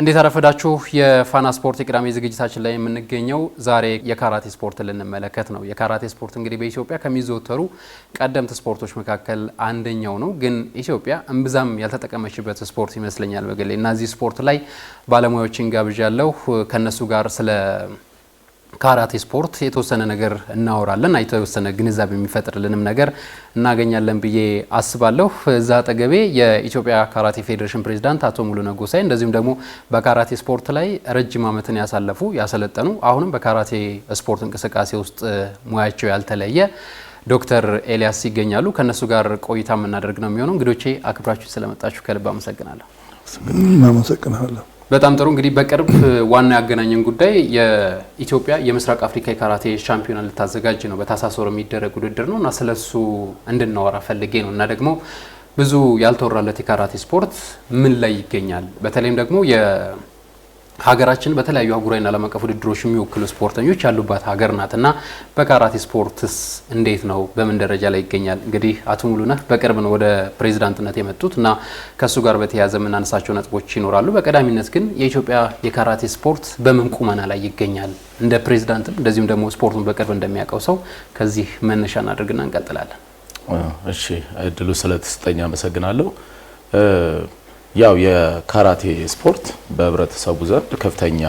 እንዴት አረፈዳችሁ። የፋና ስፖርት የቅዳሜ ዝግጅታችን ላይ የምንገኘው ዛሬ የካራቴ ስፖርት ልንመለከት ነው። የካራቴ ስፖርት እንግዲህ በኢትዮጵያ ከሚዘወተሩ ቀደምት ስፖርቶች መካከል አንደኛው ነው። ግን ኢትዮጵያ እምብዛም ያልተጠቀመችበት ስፖርት ይመስለኛል በገሌ እና እዚህ ስፖርት ላይ ባለሙያዎችን ጋብዣለሁ ከእነሱ ጋር ስለ ካራቴ ስፖርት የተወሰነ ነገር እናወራለን፣ የተወሰነ ግንዛቤ የሚፈጥርልንም ነገር እናገኛለን ብዬ አስባለሁ። እዛ አጠገቤ የኢትዮጵያ ካራቴ ፌዴሬሽን ፕሬዚዳንት አቶ ሙሉነ ጎሳይ እንደዚሁም ደግሞ በካራቴ ስፖርት ላይ ረጅም ዓመትን ያሳለፉ ያሰለጠኑ፣ አሁንም በካራቴ ስፖርት እንቅስቃሴ ውስጥ ሙያቸው ያልተለየ ዶክተር ኤልያስ ይገኛሉ። ከእነሱ ጋር ቆይታ የምናደርግ ነው የሚሆነው። እንግዶቼ አክብራችሁ ስለመጣችሁ ከልብ አመሰግናለሁ። አመሰግናለሁ። በጣም ጥሩ እንግዲህ በቅርብ ዋና ያገናኘን ጉዳይ የኢትዮጵያ የምስራቅ አፍሪካ የካራቴ ሻምፒዮና ልታዘጋጅ ነው። በታህሳስ ወር የሚደረግ ውድድር ነው እና ስለሱ እንድናወራ ፈልጌ ነው እና ደግሞ ብዙ ያልተወራለት የካራቴ ስፖርት ምን ላይ ይገኛል በተለይም ደግሞ ሀገራችን በተለያዩ አህጉራዊና ዓለም አቀፍ ውድድሮች የሚወክሉ ስፖርተኞች ያሉባት ሀገር ናት እና በካራቴ ስፖርትስ እንዴት ነው? በምን ደረጃ ላይ ይገኛል? እንግዲህ አቶ ሙሉነህ በቅርብ ነው ወደ ፕሬዚዳንትነት የመጡት እና ከእሱ ጋር በተያያዘ የምናነሳቸው ነጥቦች ይኖራሉ። በቀዳሚነት ግን የኢትዮጵያ የካራቴ ስፖርት በምን ቁመና ላይ ይገኛል? እንደ ፕሬዚዳንትም እንደዚሁም ደግሞ ስፖርቱን በቅርብ እንደሚያውቀው ሰው ከዚህ መነሻ እናድርግና እንቀጥላለን። እሺ፣ እድሉ ስለተሰጠኝ አመሰግናለሁ። ያው የካራቴ ስፖርት በህብረተሰቡ ዘንድ ከፍተኛ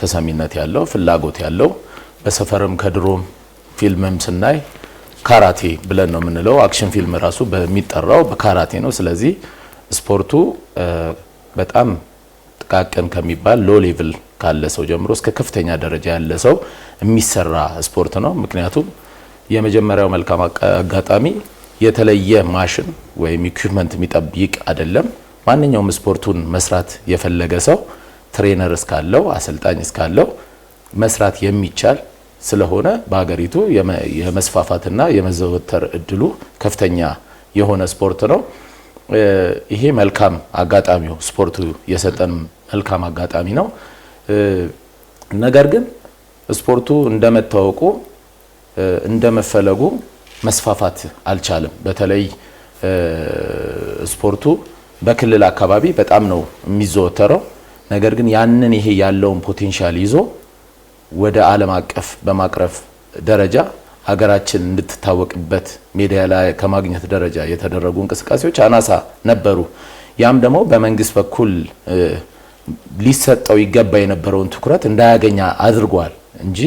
ተሰሚነት ያለው ፍላጎት ያለው በሰፈርም ከድሮም ፊልምም ስናይ ካራቴ ብለን ነው የምንለው። አክሽን ፊልም ራሱ በሚጠራው በካራቴ ነው። ስለዚህ ስፖርቱ በጣም ጥቃቅን ከሚባል ሎ ሌቭል ካለ ሰው ጀምሮ እስከ ከፍተኛ ደረጃ ያለ ሰው የሚሰራ ስፖርት ነው። ምክንያቱም የመጀመሪያው መልካም አጋጣሚ የተለየ ማሽን ወይም ኢኩፕመንት የሚጠብቅ አይደለም። ማንኛውም ስፖርቱን መስራት የፈለገ ሰው ትሬነር እስካለው አሰልጣኝ እስካለው መስራት የሚቻል ስለሆነ በሀገሪቱ የመስፋፋትና የመዘወተር እድሉ ከፍተኛ የሆነ ስፖርት ነው። ይሄ መልካም አጋጣሚው ስፖርቱ የሰጠን መልካም አጋጣሚ ነው። ነገር ግን ስፖርቱ እንደመታወቁ እንደመፈለጉ መስፋፋት አልቻለም። በተለይ ስፖርቱ በክልል አካባቢ በጣም ነው የሚዘወተረው። ነገር ግን ያንን ይሄ ያለውን ፖቴንሻል ይዞ ወደ ዓለም አቀፍ በማቅረፍ ደረጃ ሀገራችን እንድትታወቅበት ላይ ከማግኘት ደረጃ የተደረጉ እንቅስቃሴዎች አናሳ ነበሩ። ያም ደግሞ በመንግስት በኩል ሊሰጠው ይገባ የነበረውን ትኩረት እንዳያገኛ አድርጓል እንጂ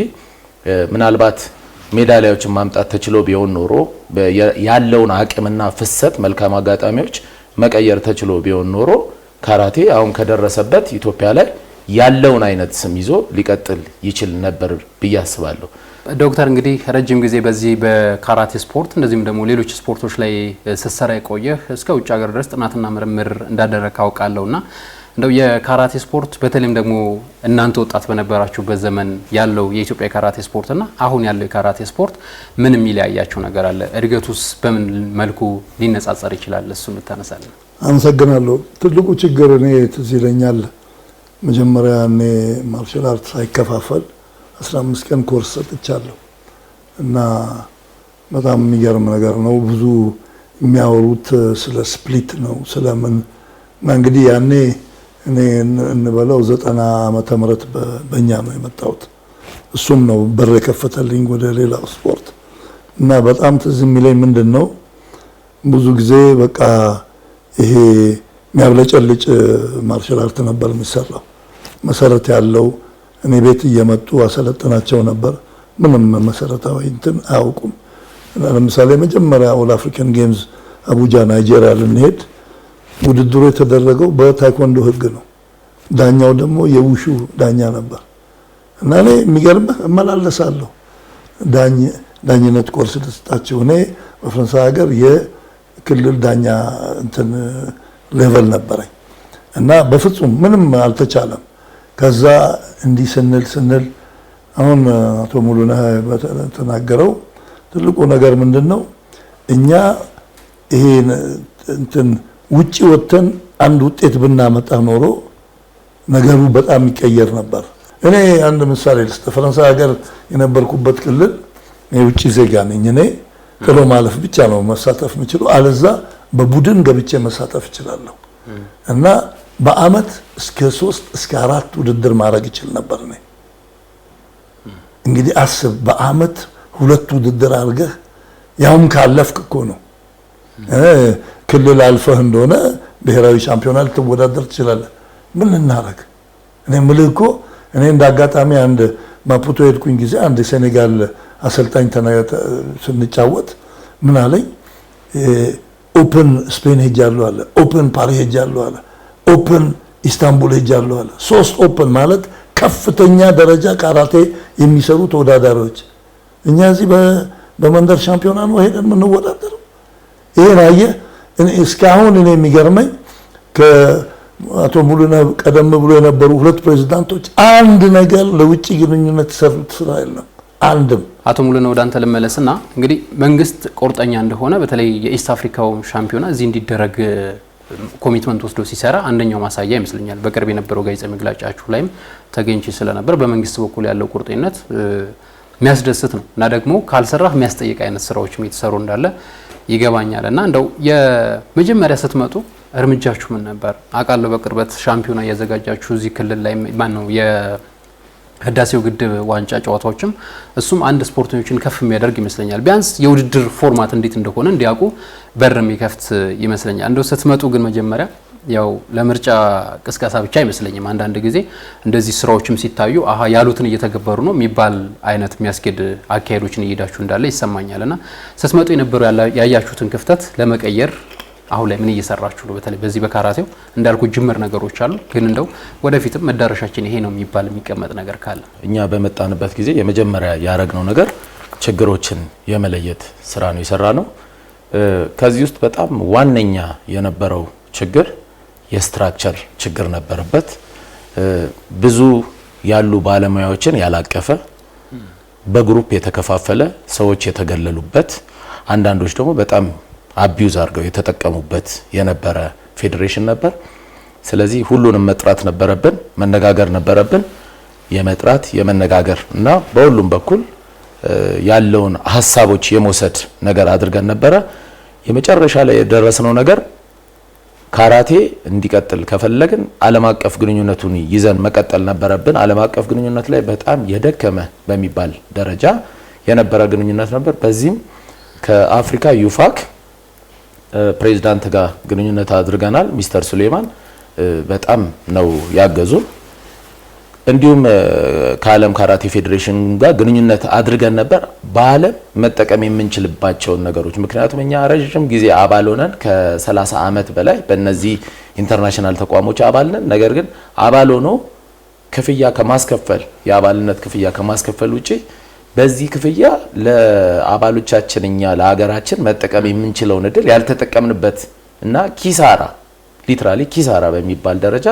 ምናልባት ሜዳሊያዎችን ማምጣት ተችሎ ቢሆን ኖሮ ያለውን አቅምና ፍሰት መልካም አጋጣሚዎች መቀየር ተችሎ ቢሆን ኖሮ ካራቴ አሁን ከደረሰበት ኢትዮጵያ ላይ ያለውን አይነት ስም ይዞ ሊቀጥል ይችል ነበር ብዬ አስባለሁ። ዶክተር እንግዲህ ረጅም ጊዜ በዚህ በካራቴ ስፖርት እንደዚሁም ደግሞ ሌሎች ስፖርቶች ላይ ስትሰራ የቆየህ እስከ ውጭ ሀገር ድረስ ጥናትና ምርምር እንዳደረግ ካውቃለሁ ና እንደው የካራቴ ስፖርት በተለይም ደግሞ እናንተ ወጣት በነበራችሁበት ዘመን ያለው የኢትዮጵያ የካራቴ ስፖርት እና አሁን ያለው የካራቴ ስፖርት ምን የሚለያያቸው ነገር አለ? እድገቱስ በምን መልኩ ሊነጻጸር ይችላል? እሱ እንታነሳለን። አመሰግናለሁ። ትልቁ ችግር እኔ ትዝ ይለኛል መጀመሪያ እኔ ማርሻል አርት ሳይከፋፈል 15 ቀን ኮርስ ሰጥቻለሁ እና በጣም የሚገርም ነገር ነው። ብዙ የሚያወሩት ስለ ስፕሊት ነው ስለምን እና እንግዲህ ያኔ እኔ እንበለው ዘጠና ዓመተ ምህረት በእኛ ነው የመጣሁት። እሱም ነው በር የከፈተልኝ ወደ ሌላው ስፖርት እና በጣም ትዝ የሚለኝ ምንድን ነው ብዙ ጊዜ በቃ ይሄ የሚያብለጨልጭ ማርሻል አርት ነበር የሚሰራው መሰረት ያለው እኔ ቤት እየመጡ አሰለጥናቸው ነበር። ምንም መሰረታዊ እንትን አያውቁም። ለምሳሌ መጀመሪያ ኦል አፍሪካን ጌምስ አቡጃ ናይጄሪያ ልንሄድ ውድድሩ የተደረገው በታይኮንዶ ህግ ነው። ዳኛው ደግሞ የውሹ ዳኛ ነበር እና እኔ የሚገርምህ እመላለሳለሁ ዳኝነት ኮርስ ልስጣችሁ። እኔ በፈረንሳይ ሀገር የክልል ዳኛ እንትን ሌቨል ነበረኝ እና በፍጹም ምንም አልተቻለም። ከዛ እንዲህ ስንል ስንል አሁን አቶ ሙሉነህ ተናገረው ትልቁ ነገር ምንድን ነው እኛ ይሄ እንትን ውጭ ወጥተን አንድ ውጤት ብናመጣ ኖሮ ነገሩ በጣም ይቀየር ነበር። እኔ አንድ ምሳሌ ልስጥ። ፈረንሳይ ሀገር የነበርኩበት ክልል የውጭ ዜጋ ነኝ። እኔ ጥሎ ማለፍ ብቻ ነው መሳተፍ የምችሉ፣ አለዛ በቡድን ገብቼ መሳተፍ እችላለሁ። እና በአመት እስከ ሶስት እስከ አራት ውድድር ማድረግ ይችል ነበር። እኔ እንግዲህ አስብ፣ በአመት ሁለት ውድድር አድርገህ ያውም ካለፍክ እኮ ነው ክልል አልፈህ እንደሆነ ብሔራዊ ሻምፒዮና ልትወዳደር ትችላለህ። ምን እናረግ? እኔ የምልህ እኮ እኔ እንደ አጋጣሚ አንድ ማፑቶ የሄድኩኝ ጊዜ አንድ ሴኔጋል አሰልጣኝ ስንጫወት ምን አለኝ፣ ኦፕን ስፔን ሄጃለሁ አለ፣ ኦፕን ፓሪ ሄጃለሁ አለ፣ ኦፕን ኢስታንቡል ሄጃለሁ አለ። ሶስት ኦፕን ማለት ከፍተኛ ደረጃ ካራቴ የሚሰሩ ተወዳዳሪዎች። እኛ እዚህ በመንደር ሻምፒዮና ነው ሄደን የምንወዳደረው። ይሄን አየህ እስካሁን እኔ የሚገርመኝ ከአቶ ሙሉነ ቀደም ብሎ የነበሩ ሁለት ፕሬዚዳንቶች አንድ ነገር ለውጭ ግንኙነት ሰሩት ስራ የለም። አንድም አቶ ሙሉነ ወደ አንተ ልመለስና እንግዲህ መንግስት ቁርጠኛ እንደሆነ በተለይ የኢስት አፍሪካው ሻምፒዮና እዚህ እንዲደረግ ኮሚትመንት ወስዶ ሲሰራ አንደኛው ማሳያ ይመስለኛል። በቅርብ የነበረው ጋዜጣዊ መግለጫችሁ ላይም ተገኝቼ ስለነበር በመንግስት በኩል ያለው ቁርጠኝነት የሚያስደስት ነው እና ደግሞ ካልሰራህ የሚያስጠይቅ አይነት ስራዎችም የተሰሩ እንዳለ ይገባኛል። እና እንደው የመጀመሪያ ስትመጡ እርምጃችሁ ምን ነበር? አውቃለሁ በቅርበት ሻምፒዮና እያዘጋጃችሁ እዚህ ክልል ላይ ማን ነው የህዳሴው ግድብ ዋንጫ ጨዋታዎችም እሱም አንድ ስፖርተኞችን ከፍ የሚያደርግ ይመስለኛል። ቢያንስ የውድድር ፎርማት እንዴት እንደሆነ እንዲያውቁ በር የሚከፍት ይመስለኛል። እንደው ስትመጡ ግን መጀመሪያ ያው ለምርጫ ቅስቀሳ ብቻ አይመስለኝም። አንዳንድ ጊዜ እንደዚህ ስራዎችም ሲታዩ አሀ ያሉትን እየተገበሩ ነው የሚባል አይነት የሚያስኬድ አካሄዶችን እየሄዳችሁ እንዳለ ይሰማኛል። እና ስትመጡ የነበሩ ያያችሁትን ክፍተት ለመቀየር አሁን ላይ ምን እየሰራችሁ ነው? በተለይ በዚህ በካራቴው እንዳልኩ ጅምር ነገሮች አሉ፣ ግን እንደው ወደፊትም መዳረሻችን ይሄ ነው የሚባል የሚቀመጥ ነገር ካለ እኛ በመጣንበት ጊዜ የመጀመሪያ ያደረግነው ነገር ችግሮችን የመለየት ስራ ነው የሰራ ነው። ከዚህ ውስጥ በጣም ዋነኛ የነበረው ችግር የስትራክቸር ችግር ነበረበት። ብዙ ያሉ ባለሙያዎችን ያላቀፈ በግሩፕ የተከፋፈለ ሰዎች የተገለሉበት አንዳንዶች ደግሞ በጣም አቢዩዝ አድርገው የተጠቀሙበት የነበረ ፌዴሬሽን ነበር። ስለዚህ ሁሉንም መጥራት ነበረብን፣ መነጋገር ነበረብን። የመጥራት የመነጋገር እና በሁሉም በኩል ያለውን ሀሳቦች የመውሰድ ነገር አድርገን ነበረ። የመጨረሻ ላይ የደረስነው ነገር ካራቴ እንዲቀጥል ከፈለግን ዓለም አቀፍ ግንኙነቱን ይዘን መቀጠል ነበረብን። ዓለም አቀፍ ግንኙነት ላይ በጣም የደከመ በሚባል ደረጃ የነበረ ግንኙነት ነበር። በዚህም ከአፍሪካ ዩፋክ ፕሬዚዳንት ጋር ግንኙነት አድርገናል። ሚስተር ሱሌማን በጣም ነው ያገዙ። እንዲሁም ከዓለም ካራቴ ፌዴሬሽን ጋር ግንኙነት አድርገን ነበር። በዓለም መጠቀም የምንችልባቸውን ነገሮች ምክንያቱም እኛ ረዥም ጊዜ አባል ሆነን ከ30 ዓመት በላይ በእነዚህ ኢንተርናሽናል ተቋሞች አባል ነን። ነገር ግን አባል ሆኖ ክፍያ ከማስከፈል የአባልነት ክፍያ ከማስከፈል ውጪ በዚህ ክፍያ ለአባሎቻችን እኛ ለሀገራችን መጠቀም የምንችለውን እድል ያልተጠቀምንበት እና ኪሳራ ሊትራሊ ኪሳራ በሚባል ደረጃ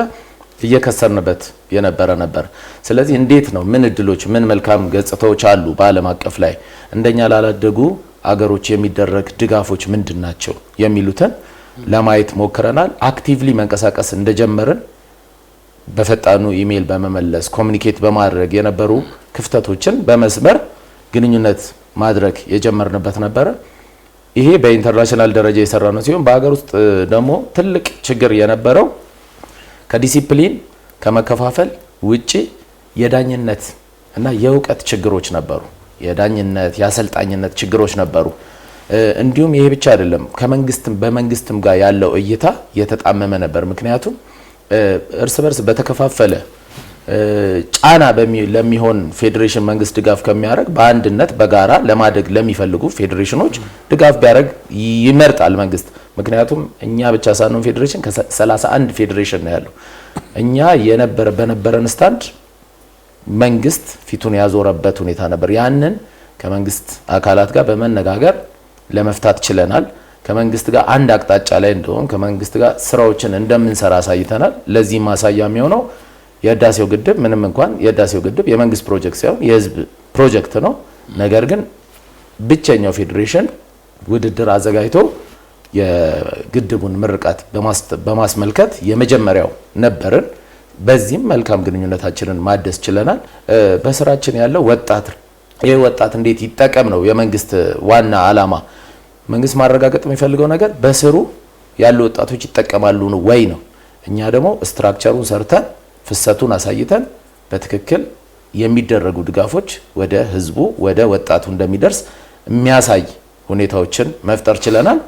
እየከሰርንበት የነበረ ነበር። ስለዚህ እንዴት ነው ምን እድሎች ምን መልካም ገጽታዎች አሉ በዓለም አቀፍ ላይ እንደኛ ላላደጉ አገሮች የሚደረግ ድጋፎች ምንድን ናቸው የሚሉትን ለማየት ሞክረናል። አክቲቭሊ መንቀሳቀስ እንደጀመርን በፈጣኑ ኢሜይል በመመለስ ኮሚኒኬት በማድረግ የነበሩ ክፍተቶችን በመስበር ግንኙነት ማድረግ የጀመርንበት ነበረ። ይሄ በኢንተርናሽናል ደረጃ የሰራ ነው ሲሆን በሀገር ውስጥ ደግሞ ትልቅ ችግር የነበረው ከዲሲፕሊን ከመከፋፈል ውጪ የዳኝነት እና የእውቀት ችግሮች ነበሩ። የዳኝነት የአሰልጣኝነት ችግሮች ነበሩ። እንዲሁም ይሄ ብቻ አይደለም፣ ከመንግስትም በመንግስትም ጋር ያለው እይታ የተጣመመ ነበር። ምክንያቱም እርስ በርስ በተከፋፈለ ጫና ለሚሆን ፌዴሬሽን መንግስት ድጋፍ ከሚያደርግ በአንድነት በጋራ ለማደግ ለሚፈልጉ ፌዴሬሽኖች ድጋፍ ቢያደርግ ይመርጣል መንግስት። ምክንያቱም እኛ ብቻ ሳንሆን ፌዴሬሽን ከ31 ፌዴሬሽን ነው ያለው። እኛ የነበረ በነበረን ስታንድ መንግስት ፊቱን ያዞረበት ሁኔታ ነበር። ያንን ከመንግስት አካላት ጋር በመነጋገር ለመፍታት ችለናል። ከመንግስት ጋር አንድ አቅጣጫ ላይ እንደሆን ከመንግስት ጋር ስራዎችን እንደምንሰራ አሳይተናል። ለዚህ ማሳያ የሚሆነው የህዳሴው ግድብ ምንም እንኳን የህዳሴው ግድብ የመንግስት ፕሮጀክት ሳይሆን የህዝብ ፕሮጀክት ነው። ነገር ግን ብቸኛው ፌዴሬሽን ውድድር አዘጋጅቶ የግድቡን ምርቃት በማስመልከት የመጀመሪያው ነበርን። በዚህም መልካም ግንኙነታችንን ማደስ ችለናል። በስራችን ያለው ወጣት ይህ ወጣት እንዴት ይጠቀም ነው የመንግስት ዋና አላማ። መንግስት ማረጋገጥ የሚፈልገው ነገር በስሩ ያሉ ወጣቶች ይጠቀማሉ ወይ ነው። እኛ ደግሞ ስትራክቸሩን ሰርተን ፍሰቱን አሳይተን በትክክል የሚደረጉ ድጋፎች ወደ ህዝቡ ወደ ወጣቱ እንደሚደርስ የሚያሳይ ሁኔታዎችን መፍጠር ችለናል።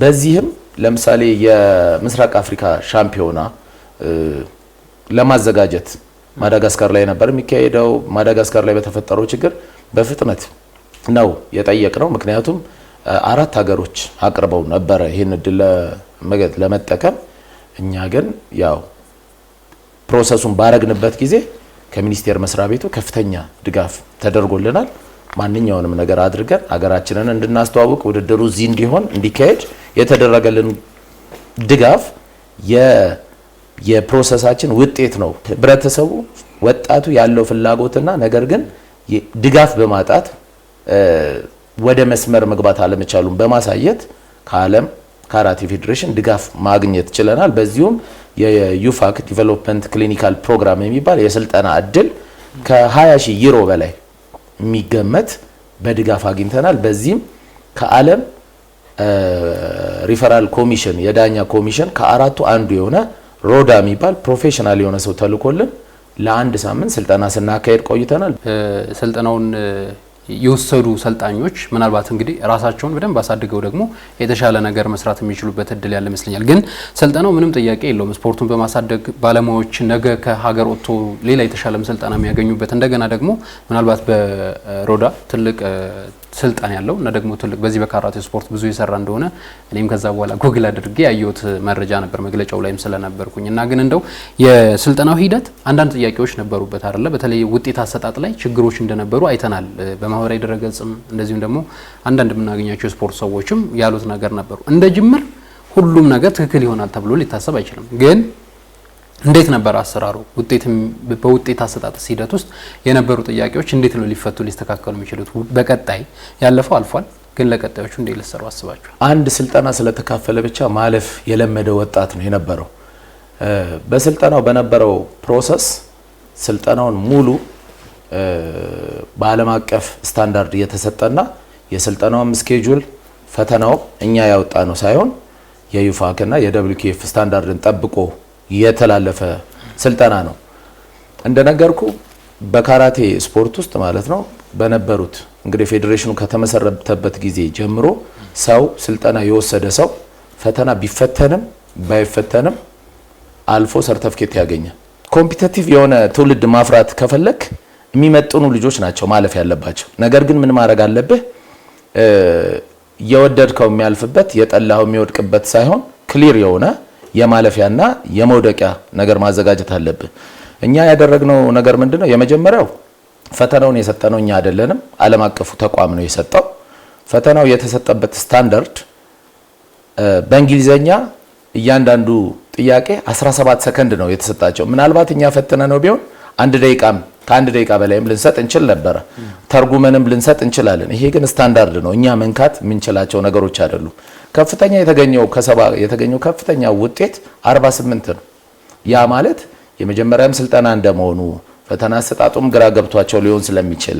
በዚህም ለምሳሌ የምስራቅ አፍሪካ ሻምፒዮና ለማዘጋጀት ማዳጋስካር ላይ ነበር የሚካሄደው። ማዳጋስካር ላይ በተፈጠረው ችግር በፍጥነት ነው የጠየቅነው። ምክንያቱም አራት ሀገሮች አቅርበው ነበረ ይህን እድል ለመጠቀም እኛ ግን ያው ፕሮሰሱን ባረግንበት ጊዜ ከሚኒስቴር መስሪያ ቤቱ ከፍተኛ ድጋፍ ተደርጎልናል። ማንኛውንም ነገር አድርገን ሀገራችንን እንድናስተዋውቅ ውድድሩ እዚህ እንዲሆን እንዲካሄድ የተደረገልን ድጋፍ የፕሮሰሳችን ውጤት ነው። ህብረተሰቡ ወጣቱ ያለው ፍላጎትና ነገር ግን ድጋፍ በማጣት ወደ መስመር መግባት አለመቻሉን በማሳየት ከዓለም ካራቲ ፌዴሬሽን ድጋፍ ማግኘት ችለናል። በዚሁም የዩፋክ ዲቨሎፕመንት ክሊኒካል ፕሮግራም የሚባል የስልጠና እድል ከ20 ሺ ዩሮ በላይ የሚገመት በድጋፍ አግኝተናል። በዚህም ከዓለም ሪፈራል ኮሚሽን የዳኛ ኮሚሽን ከአራቱ አንዱ የሆነ ሮዳ የሚባል ፕሮፌሽናል የሆነ ሰው ተልኮልን ለአንድ ሳምንት ስልጠና ስናካሄድ ቆይተናል። ስልጠናውን የወሰዱ ሰልጣኞች ምናልባት እንግዲህ ራሳቸውን በደንብ አሳድገው ደግሞ የተሻለ ነገር መስራት የሚችሉበት እድል ያለ ይመስለኛል። ግን ስልጠናው ምንም ጥያቄ የለውም። ስፖርቱን በማሳደግ ባለሙያዎች ነገ ከሀገር ወጥቶ ሌላ የተሻለም ስልጠና የሚያገኙበት እንደገና ደግሞ ምናልባት በሮዳ ትልቅ ስልጣን ያለው እና ደግሞ ትልቅ በዚህ በካራቴ ስፖርት ብዙ የሰራ እንደሆነ እኔም ከዛ በኋላ ጉግል አድርጌ ያየሁት መረጃ ነበር፣ መግለጫው ላይም ስለነበርኩኝ እና ግን እንደው የስልጠናው ሂደት አንዳንድ ጥያቄዎች ነበሩበት አይደለ? በተለይ ውጤት አሰጣጥ ላይ ችግሮች እንደነበሩ አይተናል። በማህበራዊ ድረገጽም እንደዚሁም ደግሞ አንዳንድ የምናገኛቸው የስፖርት ሰዎችም ያሉት ነገር ነበሩ። እንደ ጅምር ሁሉም ነገር ትክክል ይሆናል ተብሎ ሊታሰብ አይችልም ግን እንዴት ነበር አሰራሩ? ውጤትም በውጤት አሰጣጥስ ሂደት ውስጥ የነበሩ ጥያቄዎች እንዴት ነው ሊፈቱ ሊስተካከሉ የሚችሉት? በቀጣይ ያለፈው አልፏል፣ ግን ለቀጣዮቹ እንዴት ልትሰሩ አስባችሁ? አንድ ስልጠና ስለተካፈለ ብቻ ማለፍ የለመደ ወጣት ነው የነበረው። በስልጠናው በነበረው ፕሮሰስ ስልጠናውን ሙሉ በዓለም አቀፍ ስታንዳርድ እየተሰጠና የስልጠናውም ስኬጁል ፈተናው እኛ ያወጣ ነው ሳይሆን የዩፋክና የደብሊውኬፍ ስታንዳርድን ጠብቆ የተላለፈ ስልጠና ነው። እንደነገርኩ በካራቴ ስፖርት ውስጥ ማለት ነው በነበሩት እንግዲህ ፌዴሬሽኑ ከተመሰረተበት ጊዜ ጀምሮ ሰው ስልጠና የወሰደ ሰው ፈተና ቢፈተንም ባይፈተንም አልፎ ሰርተፍኬት ያገኛል። ኮምፒተቲቭ የሆነ ትውልድ ማፍራት ከፈለክ የሚመጥኑ ልጆች ናቸው ማለፍ ያለባቸው። ነገር ግን ምን ማድረግ አለብህ? የወደድከው የሚያልፍበት የጠላኸው የሚወድቅበት ሳይሆን ክሊር የሆነ የማለፊያና የመውደቂያ ነገር ማዘጋጀት አለብን። እኛ ያደረግነው ነገር ምንድን ነው? የመጀመሪያው ፈተናውን የሰጠነው እኛ አይደለንም፣ ዓለም አቀፉ ተቋም ነው የሰጠው። ፈተናው የተሰጠበት ስታንዳርድ በእንግሊዘኛ እያንዳንዱ ጥያቄ 17 ሰከንድ ነው የተሰጣቸው። ምናልባት እኛ ፈተነ ነው ቢሆን አንድ ደቂቃም ከአንድ ደቂቃ በላይም ልንሰጥ እንችል ነበረ። ተርጉመንም ልንሰጥ እንችላለን። ይሄ ግን ስታንዳርድ ነው። እኛ መንካት የምንችላቸው ነገሮች አይደሉም። ከፍተኛ የተገኘው ከሰባ የተገኘው ከፍተኛ ውጤት 48 ነው። ያ ማለት የመጀመሪያም ስልጠና እንደመሆኑ ፈተና አሰጣጡም ግራ ገብቷቸው ሊሆን ስለሚችል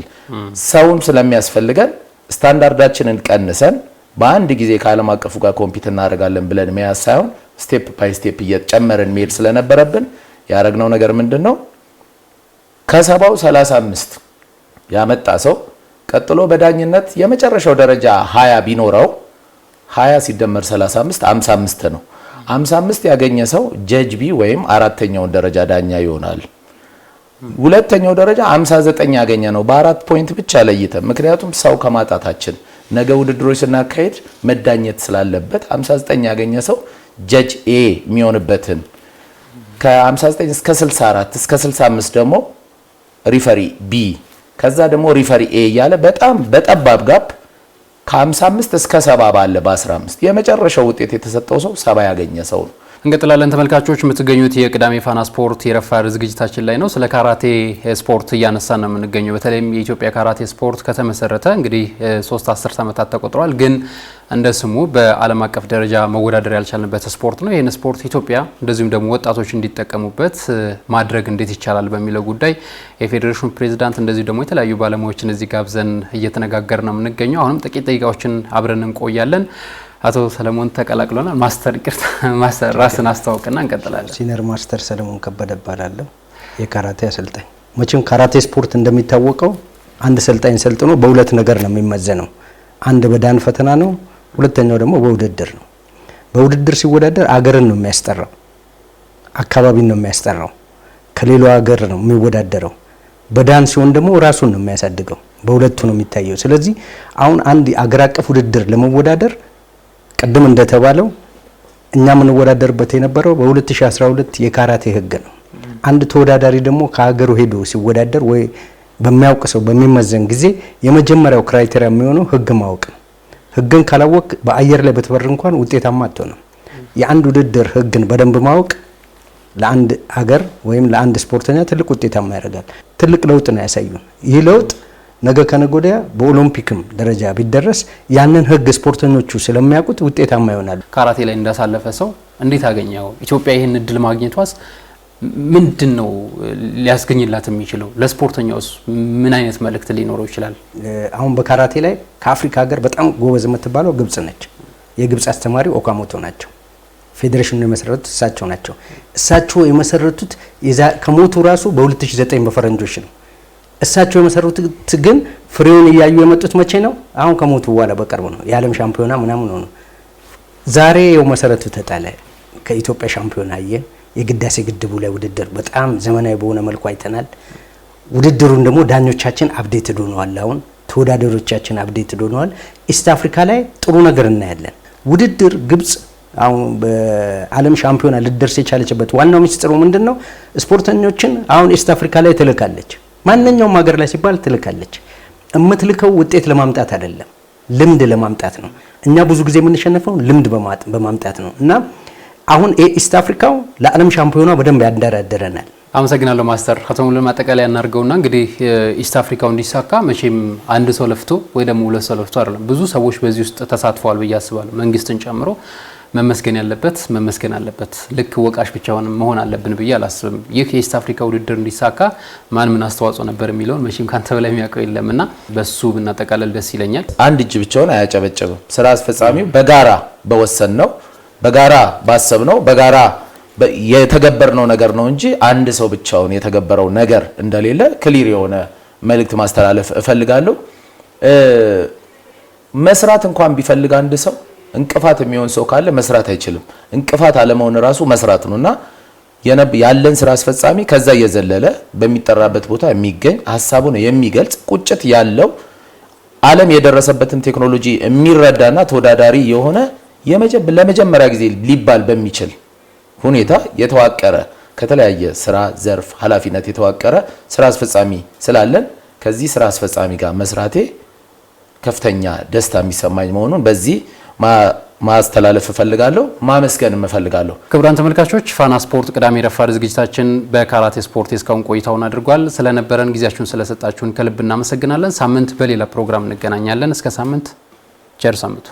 ሰውም ስለሚያስፈልገን ስታንዳርዳችንን ቀንሰን በአንድ ጊዜ ከዓለም አቀፉ ጋር ኮምፒት እናደርጋለን ብለን መያዝ ሳይሆን ስቴፕ ባይ ስቴፕ እየጨመርን መሄድ ስለነበረብን ያደረግነው ነገር ምንድን ነው? ከሰባው 35 ያመጣ ሰው ቀጥሎ በዳኝነት የመጨረሻው ደረጃ 20 ቢኖረው 20 ሲደመር 35 55 ነው። 55 ያገኘ ሰው ጀጅቢ ወይም አራተኛውን ደረጃ ዳኛ ይሆናል። ሁለተኛው ደረጃ 59 ያገኘ ነው፣ በአራት ፖይንት ብቻ ለይተ። ምክንያቱም ሰው ከማጣታችን ነገ ውድድሮች ስናካሄድ መዳኘት ስላለበት 59 ያገኘ ሰው ጀጅ ኤ የሚሆንበትን ከ59 እስከ 64 እስከ 65 ደግሞ ሪፈሪ ቢ ከዛ ደግሞ ሪፈሪ ኤ እያለ በጣም በጠባብ ጋፕ ከ55 እስከ ሰባ ባለ በ15 የመጨረሻው ውጤት የተሰጠው ሰው ሰባ ያገኘ ሰው ነው። እንቀጥላለን ተመልካቾች፣ የምትገኙት የቅዳሜ ፋና ስፖርት የረፋድ ዝግጅታችን ላይ ነው። ስለ ካራቴ ስፖርት እያነሳን ነው የምንገኘው። በተለይም የኢትዮጵያ ካራቴ ስፖርት ከተመሰረተ እንግዲህ ሶስት አስርት ዓመታት ተቆጥሯል። ግን እንደ ስሙ በዓለም አቀፍ ደረጃ መወዳደር ያልቻልንበት ስፖርት ነው። ይህን ስፖርት ኢትዮጵያ እንደዚሁም ደግሞ ወጣቶች እንዲጠቀሙበት ማድረግ እንዴት ይቻላል በሚለው ጉዳይ የፌዴሬሽኑ ፕሬዚዳንት እንደዚሁ ደግሞ የተለያዩ ባለሙያዎችን እዚህ ጋብዘን እየተነጋገር ነው የምንገኘው። አሁንም ጥቂት ደቂቃዎችን አብረን እንቆያለን። አቶ ሰለሞን ተቀላቅሎናል። ማስተር ይቅርታ፣ ማስተር ራስን አስተዋውቅና እንቀጥላለን። ሲነር ማስተር ሰለሞን ከበደ እባላለሁ የካራቴ አሰልጣኝ። መቼም ካራቴ ስፖርት እንደሚታወቀው አንድ ሰልጣኝ ሰልጥኖ በሁለት ነገር ነው የሚመዘነው። አንድ በዳን ፈተና ነው፣ ሁለተኛው ደግሞ በውድድር ነው። በውድድር ሲወዳደር አገርን ነው የሚያስጠራው፣ አካባቢን ነው የሚያስጠራው፣ ከሌላው ሀገር ነው የሚወዳደረው። በዳን ሲሆን ደግሞ ራሱን ነው የሚያሳድገው። በሁለቱ ነው የሚታየው። ስለዚህ አሁን አንድ አገር አቀፍ ውድድር ለመወዳደር ቅድም እንደተባለው እኛ የምንወዳደርበት የነበረው በ2012 የካራቴ ህግ ነው። አንድ ተወዳዳሪ ደግሞ ከሀገሩ ሄዶ ሲወዳደር ወይ በሚያውቅ ሰው በሚመዘን ጊዜ የመጀመሪያው ክራይቴሪያ የሚሆነው ህግ ማወቅ ነው። ህግን ካላወቅ በአየር ላይ በትበር እንኳን ውጤታማ አትሆንም። የአንድ ውድድር ህግን በደንብ ማወቅ ለአንድ ሀገር ወይም ለአንድ ስፖርተኛ ትልቅ ውጤታማ ያደርጋል። ትልቅ ለውጥ ነው ያሳዩ። ይህ ለውጥ ነገ ከነጎዲያ በኦሎምፒክም ደረጃ ቢደረስ ያንን ህግ ስፖርተኞቹ ስለሚያውቁት ውጤታማ ይሆናሉ። ካራቴ ላይ እንዳሳለፈ ሰው እንዴት አገኘው? ኢትዮጵያ ይህን እድል ማግኘቷስ ምንድን ነው ሊያስገኝላት የሚችለው? ለስፖርተኛውስ ምን አይነት መልእክት ሊኖረው ይችላል? አሁን በካራቴ ላይ ከአፍሪካ ሀገር በጣም ጎበዝ የምትባለው ግብጽ ነች። የግብጽ አስተማሪ ኦካሞቶ ናቸው። ፌዴሬሽኑ የመሰረቱት እሳቸው ናቸው። እሳቸው የመሰረቱት ከሞቱ ራሱ በ2009 በፈረንጆች ነው እሳቸው የመሰሩት ግን ፍሬውን እያዩ የመጡት መቼ ነው? አሁን ከሞቱ በኋላ በቅርቡ ነው። የዓለም ሻምፒዮና ምናምን ሆኑ። ዛሬ የው መሰረቱ ተጣለ። ከኢትዮጵያ ሻምፒዮና አየን። የግዳሴ ግድቡ ላይ ውድድር በጣም ዘመናዊ በሆነ መልኩ አይተናል። ውድድሩን ደግሞ ዳኞቻችን አብዴት ዶነዋል። አሁን ተወዳዳሪዎቻችን አብዴት ዶነዋል። ኢስት አፍሪካ ላይ ጥሩ ነገር እናያለን። ውድድር ግብጽ አሁን በዓለም ሻምፒዮና ልደርስ የቻለችበት ዋናው ሚስጥሩ ምንድን ነው? ስፖርተኞችን አሁን ኢስት አፍሪካ ላይ ትልካለች። ማንኛውም ሀገር ላይ ሲባል ትልካለች። የምትልከው ውጤት ለማምጣት አይደለም፣ ልምድ ለማምጣት ነው። እኛ ብዙ ጊዜ የምንሸነፈው ልምድ በማምጣት ነው እና አሁን ኢስት አፍሪካው ለዓለም ሻምፒዮኗ በደንብ ያንደረድረናል። አመሰግናለሁ ማስተር ከተሙን ለማጠቃለያ እናድርገውና እንግዲህ ኢስት አፍሪካው እንዲሳካ መቼም አንድ ሰው ለፍቶ ወይ ደግሞ ሁለት ሰው ለፍቶ አይደለም፣ ብዙ ሰዎች በዚህ ውስጥ ተሳትፈዋል ብዬ አስባለሁ መንግስትን ጨምሮ መመስገን ያለበት መመስገን አለበት። ልክ ወቃሽ ብቻ መሆን አለብን ብዬ አላስብም። ይህ የኢስት አፍሪካ ውድድር እንዲሳካ ማን ምን አስተዋጽኦ ነበር የሚለውን መቼም ካንተ በላይ የሚያውቀው የለም እና በሱ ብናጠቃለል ደስ ይለኛል። አንድ እጅ ብቻውን አያጨበጭብም። ስራ አስፈጻሚው በጋራ በወሰን ነው በጋራ ባሰብ ነው በጋራ የተገበርነው ነገር ነው እንጂ አንድ ሰው ብቻውን የተገበረው ነገር እንደሌለ ክሊር የሆነ መልእክት ማስተላለፍ እፈልጋለሁ። መስራት እንኳን ቢፈልግ አንድ ሰው እንቅፋት የሚሆን ሰው ካለ መስራት አይችልም። እንቅፋት አለመሆን ራሱ መስራት ነው እና ያለን ስራ አስፈጻሚ ከዛ እየዘለለ በሚጠራበት ቦታ የሚገኝ ሀሳቡን የሚገልጽ ቁጭት ያለው ዓለም የደረሰበትን ቴክኖሎጂ የሚረዳና ተወዳዳሪ የሆነ ለመጀመሪያ ጊዜ ሊባል በሚችል ሁኔታ የተዋቀረ ከተለያየ ስራ ዘርፍ ኃላፊነት የተዋቀረ ስራ አስፈጻሚ ስላለን ከዚህ ስራ አስፈጻሚ ጋር መስራቴ ከፍተኛ ደስታ የሚሰማኝ መሆኑን በዚህ ማስተላለፍ እፈልጋለሁ። ማመስገን እፈልጋለሁ። ክቡራን ተመልካቾች ፋና ስፖርት ቅዳሜ ረፋድ ዝግጅታችን በካራቴ ስፖርት እስካሁን ቆይታውን አድርጓል። ስለነበረን ጊዜያችሁን ስለሰጣችሁን ከልብ እናመሰግናለን። ሳምንት በሌላ ፕሮግራም እንገናኛለን። እስከ ሳምንት ቸር ሰንብቱ።